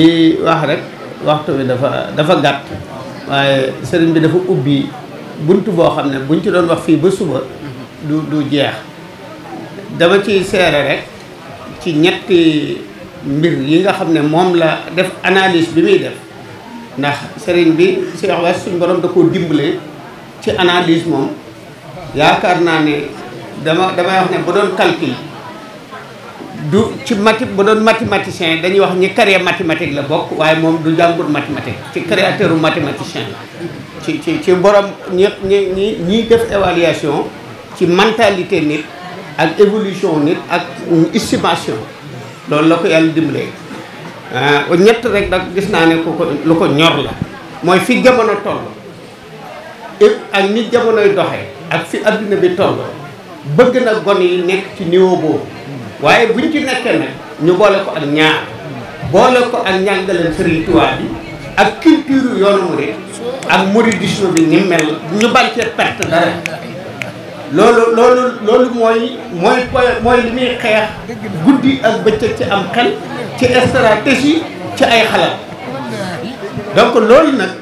ci wax rek waxtu bi dafa dafa gàtt waaye sëriñ bi dafa ubbi bunt boo xam ne buñ ci doon wax fii ba suba du du jeex dama ci seere rek ci ñetti mbir yi nga xam ne moom la def analyse bi muy def ndax sëriñ bi Cheikh Wass suñ borom da koo dimbale ci analyse moom yaakaar naa ne dama damay wax ne bu doon calcul du ci mati bu doon mathématicien dañuy wax ñi carrière mathématique la bokk waaye moom du jàngut mathématique ci créateur mathématicien la ci ci ci borom ñi ñi ñiy def évaluation ci mentalité nit ak évolution nit ak estimation loolu la ko yàlla dimbalee ah, ñett rek nag gis naa ne ku ko lu ko ñor la mooy fi jamono toll ak ni jamonoy doxee ak fi adduna bi toll bëgg na gone yi nekk ci niveau waaye bu ñu ci nekkee nag ñu boole ko ak ñaar boole ko ak njàngaleem Sëriñ Tuubaa bi ak culture yoonu murid ak mouridisme bi ni mel ñu bañ cee perte dara loolu loolu loolu mooy mooy mooy li muy xeex guddi ak bëccëg ci am xel ci stratégie ci ay xalaat donc loolu nag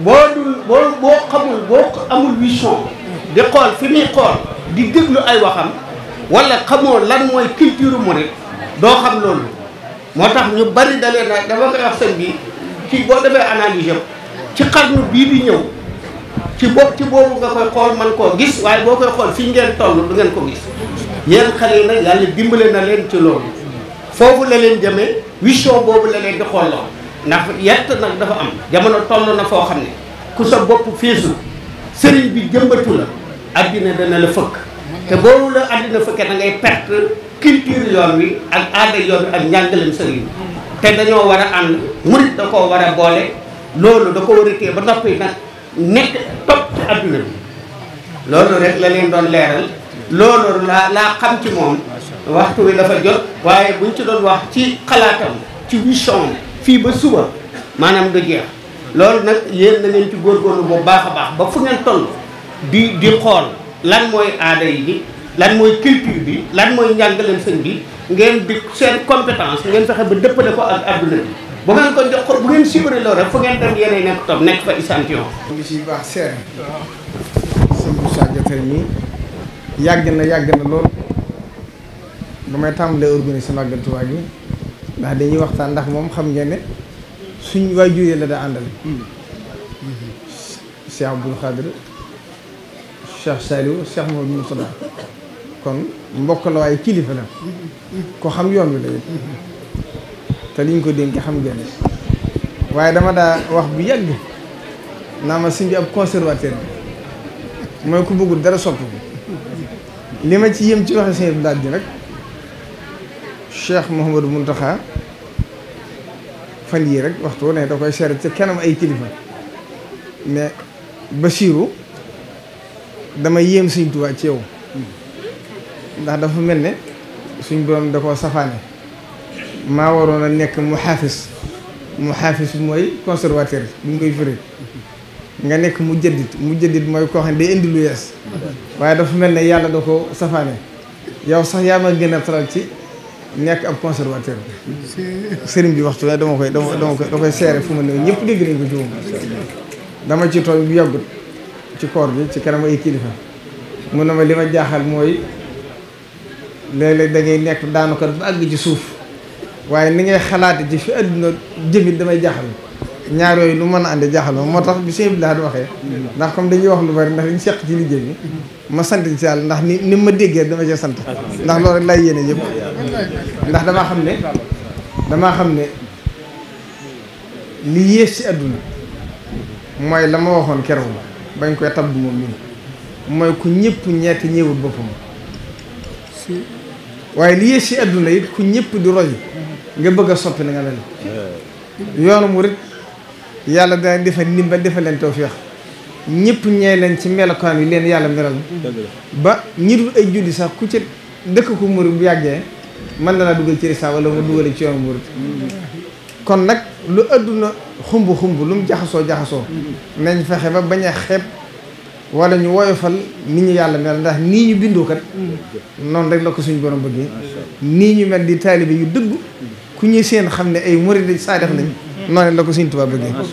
boo dul boo xamul boo amul vision di xool fi muy xool di déglu ay waxam wala xamoo lan mooy culture ne doo xam loolu moo tax ñu bari dalee na dafa ngay wax sëñ bi ci boo defee analyse yëpp ci xarnu bii bi ñëw ci bopp ci boobu nga koy xool man koo gis waaye boo koy xool fi ngeen toll du ngeen ko gis yéen xale yi nag yàlla dimbale na leen ci loolu foofu la leen jëmee vision boobu la leen di xooloo ndax yett nag dafa am jamono toll na foo xam ne ku sa boppu feesul sëriñ bi jëmbatu la addina dana la fëkk te boobu la àddina fëkkee da ngay perte culture yoon wi ak aada yoon wi ak njàngaleem sëriñ te dañoo war a ànd murit da koo war a boole loolu da ko war a téye ba noppi nag nekk topp ci àdduna bi loolu rek la leen doon leeral loolu laa laa xam ci moom waxtu wi dafa jot waaye buñ ci doon wax ci xalaatam ci vision fii ba suba maanaam du jeex loolu nag yéen na ngeen góor góorgóorlu bu baax a baax ba fu ngeen toll di di xool lan mooy aada yi bi lan mooy culture bi lan mooy njàngaleem sëñ bi ngeen di seen compétence ngeen fexe ba dëppale ko ak adduna bi bu ngeen ko jox ko bu ngeen suivre loolu rek fu ngeen dem yéenay nekk toog nekk fa échantillon. li si baax seer sëñ Moussa Diatter mi yàgg na yàgg na lool ba may tàmbalee organiser màggal Tuubaa gi ndax dañuy waxtaan ndax moom xam ngeen ne suñ waajur la da àndal. Hmm. Cheikh Abdoul Khadr Cheikh Saliou Cheikh Mouhamadou Moustapha kon mbokk la waaye kilifa la ko xam yoon wi la yëpp te liñ ko dénk xam ngeen waaye dama daa wax bu yàgg naa ma sëñ ab conservateur bi mooy ku bëggul dara soppi li ma ci yëm ci waxe sëñ bi laaj di nag Cheikh Mouhamadou Mountakha fan yii rek waxtu ne da koy seere ci kanam ay kilifa mais Bassirou dama yéem Sëñ Tuubaa ci yow ndax dafa mel ne suñu borom da koo safaane maa waroon a nekk mu xaafis mu xaafis mooy conservateur bu ñu koy firi nga nekk mu jëndit mu jëddit mooy koo xam ne day indi lu yees waaye dafa mel ne yàlla da ko safaane yow sax yaa ma gën a taral ci nekk ab conservateur sëriñ bi waxtu ne dama koy dama koy da koy seere fu ma ne ñëpp dégg nañ ko ci dama ci tooñ bu yàggut ci koor gi ci kanam ay kilifa mu ne ma li ma jaaxal mooy léeg-léeg da ngay nekk daanukat ba àgg ci suuf waaye ni ngay xalaate ci fi àdduna jëmit damay jaaxal ñaar yooyu lu mën a ànd jaaxal ma moo tax bi sëñ Bilaa di waxee ndax comme dañuy wax lu bari ndax dañu seq ci liggéey bi ma sant ci yàlla ndax ni ni ma déggee dama cee sant ndax loolu rek lay yéene yëpp ndax damaa xam ne damaa xam ne li yées ci àdduna mooy la ma waxoon keroog bañ koy tabb moom nii mooy ku ñëpp ñeeti ñëwut boppam waaye li yées si ku ñëpp di roy nga bëgg a soppi na nga mel yoonu murit yàlla dana nim ndimbal defal leen tawfeex ñëpp ñee leen ci melokaan yi leen yàlla meral ba ñi dul ay julli sax ku ci dëkk ko murit bu yàggee mën na laa dugal ci risaa wala mu dugal ci yoonu murit kon nag lu àdduna xumb xumb lu mu jaxasoo jaxasoo nañ fexe ba bañ a xeeb wala ñu woyofal nit ñu yàlla mel ndax nii ñu bindoo kat noonu rek la ko suñu borom bëggee nii ñu mel di taalibe yu dëgg ku ñuy seen xam ne ay murid saadix lañ noonu la ko suñu Tuubaa bëggee